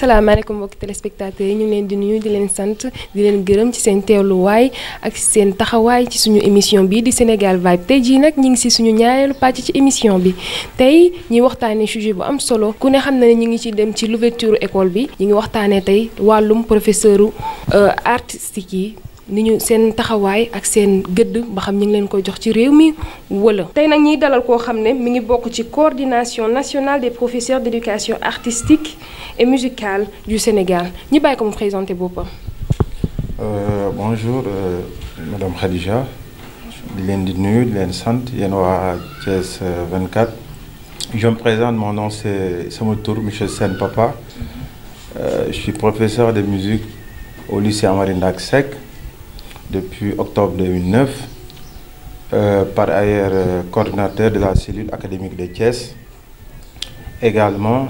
salaamaaleykum mbokki téléspectateurs yi ñu leen di nuyu di leen sant di leen gërëm ci seen teewluwaay ak seen taxawaay ci suñu émission bi di Sénégal Vibe tey jii nag ñu ngi si suñu ñaareelu pàcc ci émission bi tey ñuy waxtaanee sujet bu am solo ku ne xam na ne ñu ngi ci dem ci l'ouverture école bi ñu ngi waxtaanee tey wàllum professeur euh, artistique yi. ni ñu seen taxawaay ak seen gëdd ba xam ñu ngi leen koy jox ci réew mi wala. tey nag ñiy dalal koo xam ne mi ngi bokk ci coordination nationale des professeurs d' éducation artistique et musicale du Sénégal ñi bàyyi ko mu présenté boppam. Euh, bonjour euh, madame Khadija. di leen di nuyu leen sant yéen waa Thiès 24. Euh, je me sama tour monsieur Sène Papa. Euh, je suis professeur de musique au lycée Amary Ndack Seck. depuis octobre 2009. Euh, par ailleurs euh, coordinateur de la cellule académique de Thiès. Également,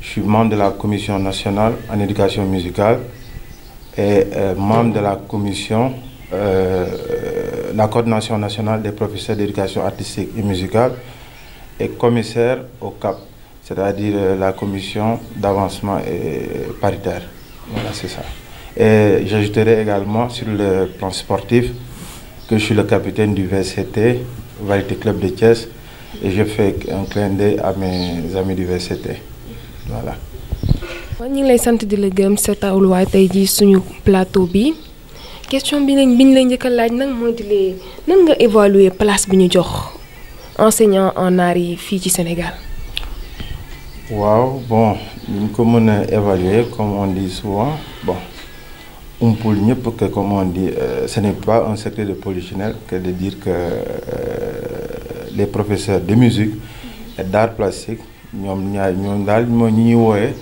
je membre de la commission nationale en éducation musicale et euh, membre de la commission, euh, euh, la coordination nationale des professeurs d'éducation artistique et musicale et commissaire au CAP, c'est-à-dire euh, la commission d'avancement paritaire. Voilà, c'est ça. Et j'ajouterai également sur le plan sportif que je suis le capitaine du VCT, Variété Club de Thiès, et je fais un clin d'œil à mes amis du VCT. Voilà. ñu ngi lay sant di la gërëm sa waaye tey jii suñu plateau bi question bi lañ bi ñu lay njëkk laaj nag mooy di lee nga évaluer place bi ñu jox enseignant en art yi fii ci Sénégal. waaw bon ñu ko mën a évaluer comme on dit souvent bon. umpul ñëpp que comme on dit euh, ce n'est pas un secret de polichinelle que de dire que euh, les professeurs de musique et d'art plastique ñoom ñaar ñoom daal ñoo ñi ñuy wooyee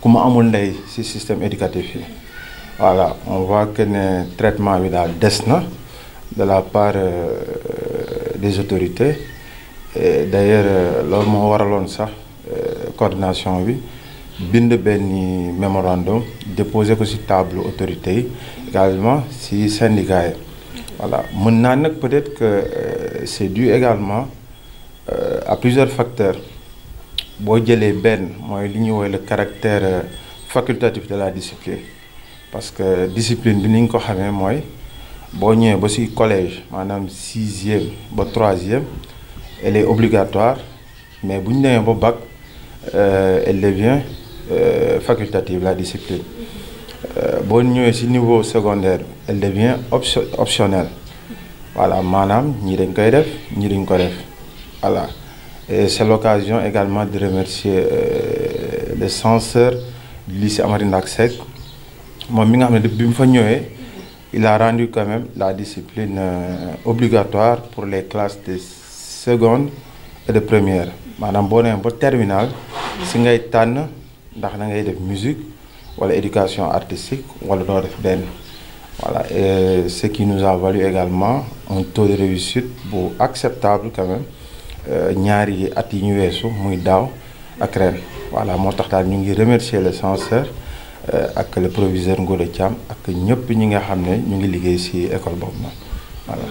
ku ma amul ndey ci système éducatif yi voilà on voit que ne traitement bi daal des na de la part euh, des autorités et d'ailleurs euh, loolu moo waraloon sax coordination bi bind benn mémorandum déposé ko ci table autorité yi également ci syndicat yi voilà mën naa nag peut-être que euh, c'est du également euh, à plusieurs facteurs boo jëlee benn mooy li ñuy woowee le caractère euh, facultatif de la discipline parce que discipline bi ni ñu ko xamee mooy boo ñëwee ba ci collège maanaam sixième ba troisième elle est obligatoire mais bu ñu demee ba bac elle devient facultative la discipline Euh, boo ñëwee ci niveau secondaire elle devient option optionnelle voilà maanaam ñi dañ koy def ñii dañ ko def voilà et c'est l'occasion également de remercier euh, le censeur du lycée Amary ak Seck moom mi nga xam ne bi mu fa ñëwee il a rendu quand même la discipline euh, obligatoire pour les classes de seconde et de première maanaam boo nee ba terminale si ngay tànn ndax na ngay def musique wala éducation artistique wala doo def benn voilà et ce qui nous a valu également un taux de bu acceptable quand même euh, ñaari at yi ñu weesu muy daaw ak ren voilà moo tax daal ñu ngi remercier le censeur euh, ak le proviseur Ngolo Thiam ak ñëpp ñi nga xam ne ñu ngi liggéey ci école boobu nag voilà.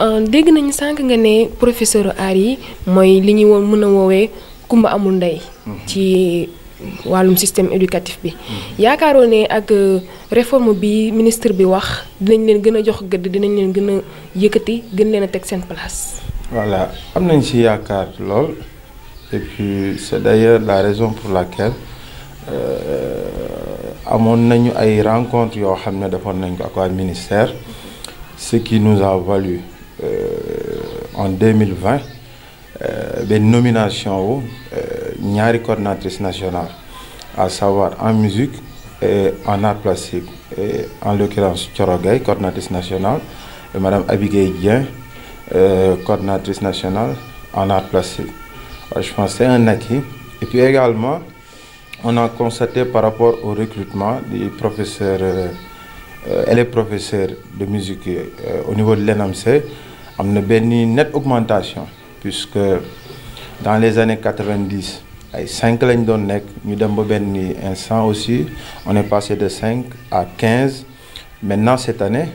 Euh, dégg nañu sànq nga ne professeur aar yi mooy li ñuy woon mën a woowee kumba amul ndey. Mhm. ci wàllum système éducatif bi yaakaaroo ne ak euh, réforme bi ministre bi wax dinañ leen gën a jox gëdd dinañ leen gën a yëkkati gën leen a teg seen place. voilà am nañ si yaakaar lool et puis c'est d'ailleurs la raison pour laquelle euh, amoon nañu ay rencontres yoo xam ne defoon nañ ko ak ministère ce qui nous a valu euh, en mille vingt benn nomination wu ñaari coordinatrice national à savoir en musique et en art plastique en l'occurrence Thioro Gaye coordinatrice nationale et madame Abigué Dieng euh, national en art plastique Alors, je pense c'est un acquis et puis également on a constaté par rapport au recrutement des professeurs euh, élèves professeurs de musique euh, au niveau de l'ENAMC am na benn nette augmentation puisque dans les années 90 ay cinq lañ doon nekk ñu dem ba benn instant aussi on est passé de cinq à quinze maintenant cette année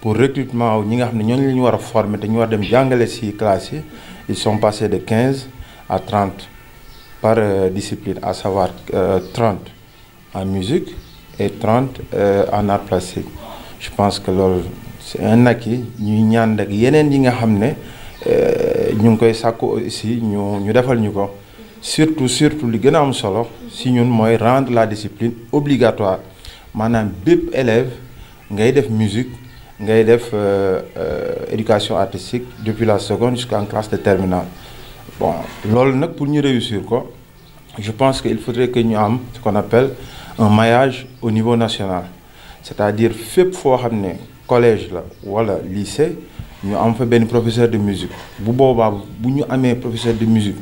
pour recrutement ñi nga xam ne ñooñu lañu ñu war a former te ñu war dem jàngale ci classe yi ils sont passés de quinze à trente par euh, discipline à savoir euh, trente euh, en musique et trente euh, en art plastique je pense que loolu c'est un yi ñuy ñaan ak yeneen yi nga xam ne euh, ñu ngi koy sàkku aussi ñu ñu defal ñu ko. surtout surtout li gën a am solo si ñun mooy rendre la discipline obligatoire maanaam bépp élève ngay def musique ngay def euh, euh, éducation artistique depuis la seconde jusqu'en classe de terminale bon loolu nag pour ñu réussir ko je pense que il faudrait que ñu am ce qu'on appelle un maillage au niveau national c'est-à-dire fépp foo xam ne collège la wala lycée ñu am fa benn professeur de musique bu boobaa bu ñu amee professeur de musique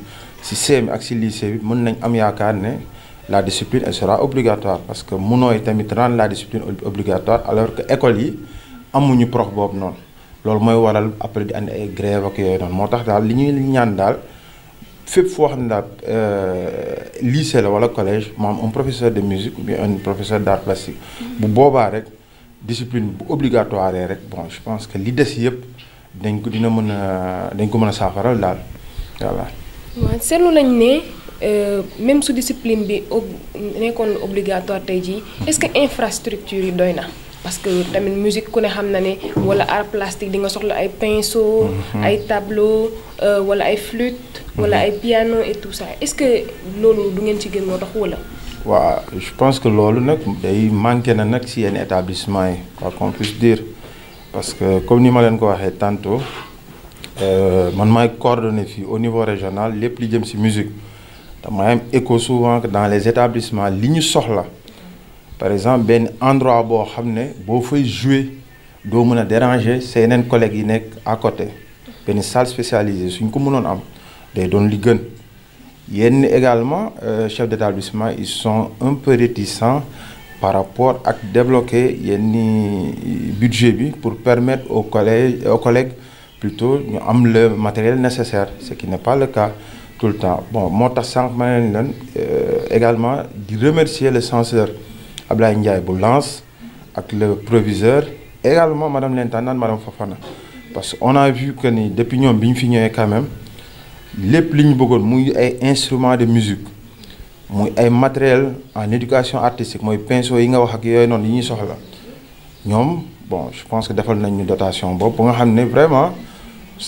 si CM ak si lycée bi mën nañ am yaakaar ne la discipline elle sera obligatoire parce que mënooy tamit rendre la discipline obligatoire alors que école yi amuñu prof boobu noonu loolu mooy waral après di andi ay grève ak yooyu noonu moo tax daal li ñuy ñaan daal fépp foo xam ne daal euh, lycée la wala collège mu un professeur de musique ou bien un professeur d'art plastique bu boobaa rek discipline bu obligatoire rek bon je pense que li des yëpp dañ ko dina mën a dañ ko mën a saafaral daal voilà waaw seetlu nañ ne euh, même su discipline bi nekkoon obligatoire tey jii est-ce que infrastructure yi doy na. parce que tamit musique ku ne xam na ne wala art plastique dinga nga soxla ay pinceau. Mhm. ay tableau euh, wala ay flûte. wala mhm. ay piano et tout ça est-ce que loolu du ngeen ci gën moo tax wala. waa je pense que loolu nag day manqué na nag ci yenn établissement yi quoi qu'on puisse dire parce que comme ni ma leen ko waxee tantôt. Euh, man maay coordonné fii au niveau régional lépp lu jëm si musique te maay am écho souvent dans les établissements li ñu soxla par exemple benn endroit boo xam ne boo fay jouer doo mën a déranger sa yeneen yi nekk à côté benn salle spécialisée suñ ko mënoon am day doon li gën yenn également euh, chef d'établissement ils sont un peu réticents par rapport ak débloquer yenn budget bi pour permettre aux collèges aux collègues plutôt ñu am le matériel nécessaire ce qui n'est pas le cas tout le temps bon moo tax sànq ma ne leen euh, également di remercier le censeur Ablaye Ndiaye bu lance ak le proviseur également madame l'intendant madame Fofana parce que on a vu que ni depuis ñoom bi ñu fi ñëwee quand même lépp li ñu bëggoon muy ay instruments de musique muy ay matériel en éducation artistique mooy pinceau yi nga wax ak yooyu noonu yi ñuy soxla ñoom bon je pense que defal nañ ñu dotation boobu ba nga xam ne vraiment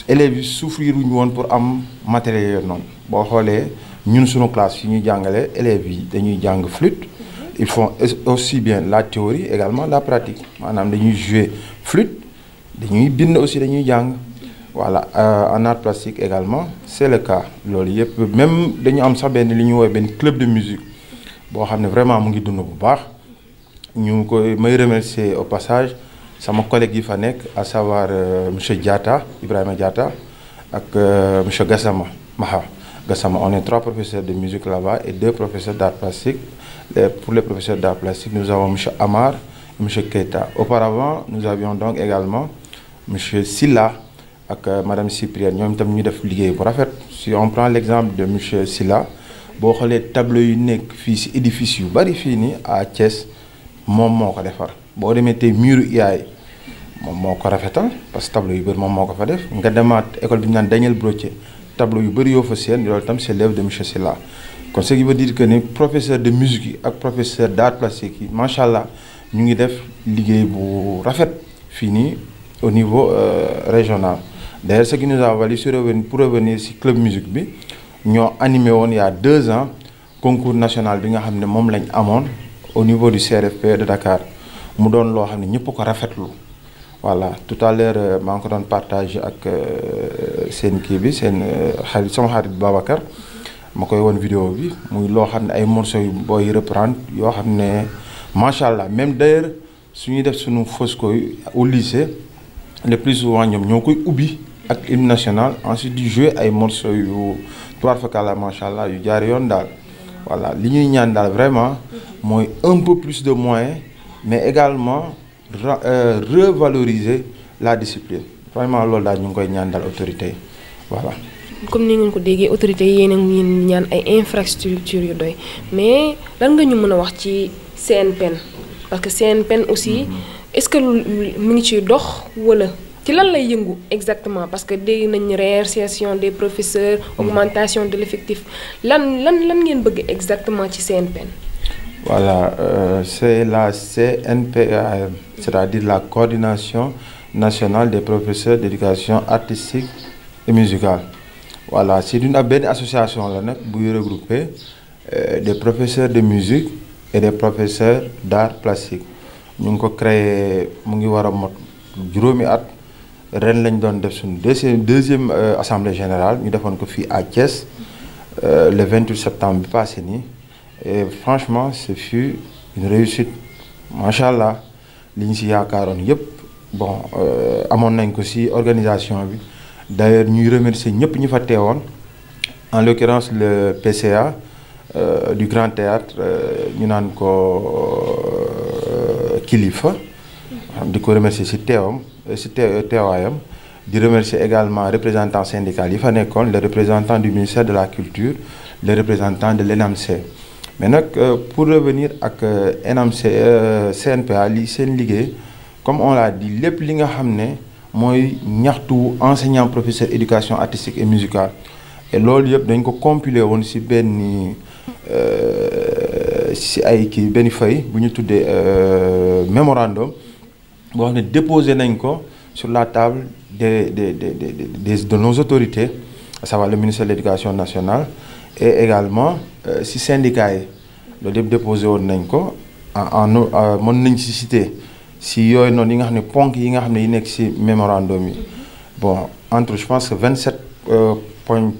élèves yi souffrir woon pour am matériel yooyu noonu boo xoolee ñun suñu classe fi ñuy jàngale élèves yi dañuy jàng flûte ils font aussi bien la théorie également la pratique maanaam dañuy jouer flûte dañuy bind aussi dañuy jàng voilà euh, en également c'est le cas loolu yëpp même dañu am sax benn li ñu woowee benn club de musique boo xam ne vraiment mu ngi dund bu baax ñu koy may remercier au passage sama collègue yi fa nekk à savoir euh, monsieur Diatta Ibrahima Diatta ak euh, monsieur Gassama Maha Gassama on est trois professeurs de musique là-bas et deux professeurs d'art plastique pour les professeurs d'art plastique nous avons monsieur Amar et monsieur Keita auparavant nous avions donc également monsieur Silla ak euh, madame Cyprienne ñoom itam ñu def liggéey bu rafet si on prend l'exemple de monsieur sila boo xoolee tableau yu nekk fii si édifice yu bari fii nii à Thiès moom moo ko defar boo demee tey muru yaay moom moo ko rafetal parce que tableau yu bëri moom moo ko fa def nga demaat école bi ñu naan Daniel Brochet tableau yu bëri yoo fa seen loolu tam c'est l'œuvre de monsieur Sylla kon ce qui veut dire ni professeur de musique yi ak professeur d'art plastique yi macha allah ñu ngi def liggéey bu rafet fii nii au niveau euh, régional d'ailleurs ce qui nous a valu sur pour si club musique bi ñoo animé woon il deux ans concours national bi nga xam ne moom lañ amoon au niveau du CRFP de Dakar mu doon loo xam ne ñëpp ko rafetlu voilà tout à l'heure euh, maa ngi ko doon partage ak euh, seen kii bi seen euh, xarit sama xarit Babacar ma koy woon vidéo bi muy loo xam ne ay morceaux yu booy reprendre yoo xam ne macha allah même d'ailleurs su ñuy def suñu Fosco au lycée le plus souvent ñoom ñoo koy ubbi ak hymne national ensuite di jouer ay morceaux yu tubaab fakala macha allah yu jaar yoon daal voilà li ñuy ñaan daal vraiment mooy un peu plus de moyens. mais également euh, revaloriser la discipline vraiment loolu daal ñu ngi koy ñaan daal autorité yi voilà. comme ni ngeen ko déggee autorité yi yéen a ngi ñaan ay infrastructures yu doy mais lan nga ñu mën a wax ci CNPEN parce que seen pen aussi mm-hmm. est-ce que mu ngi ciy dox walla ci lan lay yëngu exactement parce que dégg nañ réinsertion des professeurs mm-hmm. augmentation de l'effectif lan lan lan ngeen bëgg exactement ci CNPEN Voilà, euh, c'est la CNPEAM, c'est-à-dire la Coordination nationale des professeurs d'éducation artistique et musicale. Voilà, c'est une benn association la nag buy regrouper euh, des professeurs de musique et des professeurs d'art plastique ñu ngi ko créé mu ngi war a mot juróomi at ren lañ doon def suñu deuxième deuxième euh, assemblée général ñu defoon ko fii à Thiès euh, le 28 septembre bi passé nii. et franchement ce fut une réussite macha allah li ñu si yaakaaroon yëpp bon euh, amoon nañ ko si organisation bi d'ailleurs ñuy remercier ñëpp ñu fa teewoon en l'occurrence le PCA euh, du Grand Théâtre euh, ñu naan ko euh, kilifa di ko remercier si teewam si teewaayam di remercier également représentant syndical yi fa nekkoon le représentant du ministère de la culture le représentant de l'ENAMC mais nag euh, pour revenir ak euh, NMC euh, CNPA li seen liggéey comme on l'a dit lépp li nga xam ne mooy ñaxtu enseignant professeur éducation artistique et musicale et loolu yëpp dañ ko compiler woon ci benn ci ay kii benn fay bu ñu tuddee mémorandum boo xam ne déposé nañ ko sur la table des de de des de nos autorités à savoir le ministère de l'éducation nationale et également euh, si syndicat yi loolu yëpp déposé woon nañ ko en euh, mën nañ ci citer si yooyu noonu yi nga xam ne ponk yi nga xam ne yi nekk si mémorandum yi bon entre je pense que 27 euh, point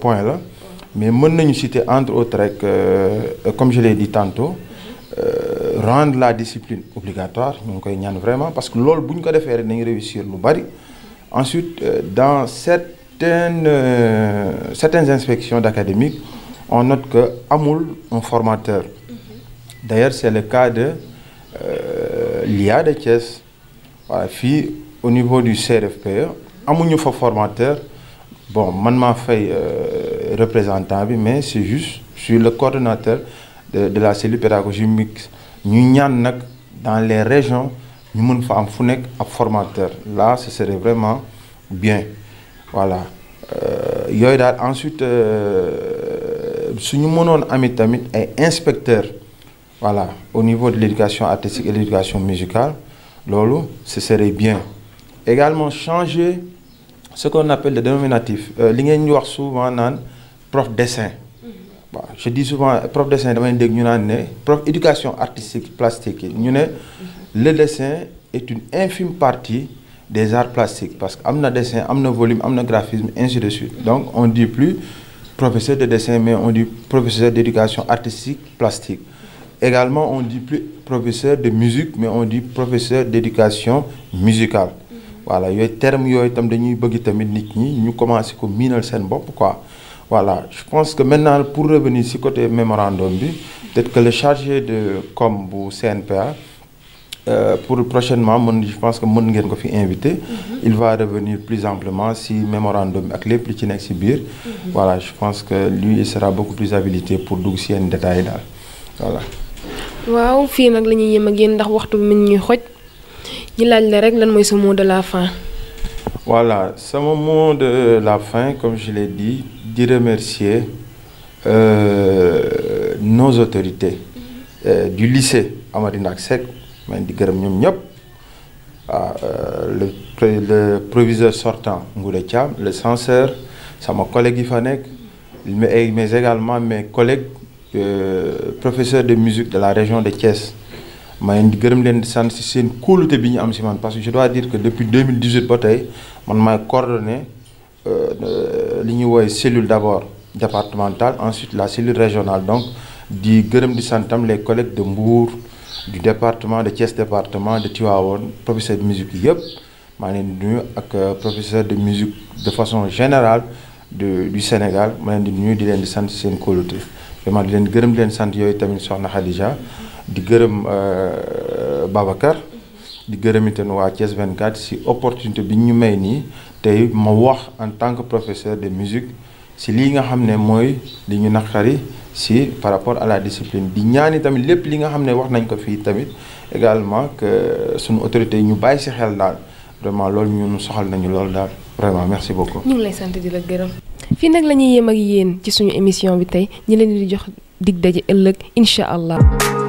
point la mais mën nañu citer entre autres rek comme je l'ai dit tantôt rendre la discipline obligatoire ñu ngi koy ñaan vraiment parce que loolu bu ñu ko defee rek nañu réussir lu bari ensuite dans cette certaines euh, certaines inspections d'académiques on note que amul un formateur mhm. d'ailleurs c'est le cas de euh, l'IA de Thiès voilà fii au niveau du CRFPE amuñu fa formateur bon man maa fay euh, représentant bi mais c'est juste je le coordonnateur de la cellule pédagogique mixte ñu ñaan nag dans les régions ñu mën fa am fu nekk ak formateur là ce serait vraiment bien voilà euh, yooyu daal ensuite euh, suñu mënoon amit tamit ay inspecteur voilà au niveau de l'éducation artistique et l'éducation musicale loolu ce serait bien également changer ce qu'on appelle le dénominatif euh, li ngeen ñu wax souvent naan prof dessin mm-hmm. waaw je dis souvent prof dessin damay dégg ñu naan ne prof éducation artistique plastique yi ñu ne mm-hmm. le dessin est une infime partie des arts plastiques parce que am na desin am na volume am na graphisme ainsi de suite donc on dit plus professeur de dessin mais on dit professeur d'éducation artistique plastique également on dit plus professeur de musique mais on dit professeur d'éducation musicale voilà yooyu termes yooyu itam dañuy bëgg tamit nit ñi ñu commencé ko miinal seen bopp quoi voilà je pense que maintenant pour revenir ci côté mémorandum bi peut-être que le chargé de comme bu CNPA Euh, pour prochainement mën je pense que mën ngeen ko fi invité. Mhm. il va revenir plus amplement si mémorandum ak lépp li ci nekk si biir. Mhm. voilà je pense que lui il sera beaucoup plus habilité pour dugg si yenn détails yi daal voilà. waaw fii nag la ñuy yem ak ndax waxtu bi mën ñuy xoj ñu laaj la rek lan mooy sa mot de la fin. voilà sama mot de la fin comme je di di remercier euh, nos autorités mhm. euh, du lycée Amary Ndack Seck maa ngi di gërëm ñoom ñëpp ah, euh, le le proviseur sortant Ngoule Thiam le censeur sama collègue yi fa nekk mais mais également mes collègues euh, professeurs de musique de la région de Thiès maa ngi di gërëm leen di sant seen kóolute bi ñu am si man parce que je dois dire que depuis 2018 ba tey man maay coordonné euh, li ñuy woowee cellule d'abord départementale ensuite la cellule régionale donc di gërëm di santam les collègues de Mbour. du département de Thiès département de Tivaouane professeur de musique yëpp maa leen di nuyu ak euh, professeur de musique de façon général de du Sénégal ma leen di nuyu di leen di sant seen kóolute vraiment di leen gërëm leen sant yooyu tamit soxna Khadija di gërëm euh, Babacar di gërëm itam waa Thiès 24 si opportunité bi ñu may nii tey ma wax en tant que professeur de musique si lii nga xam ne mooy li ñu naqari si par rapport à la discipline di ñaani tamit lépp li nga xam ne wax nañ ko fii tamit également que suñu autorité yi ñu bàyyi si xel daal vraiment loolu ñun soxal nañu loolu daal vraiment merci beaucoup. ñu ngi sant di la gërëm. fii nag la ñuy yem ak yéen ci suñu émission bi tey ñi leen di jox dig daje ëllëg incha allah.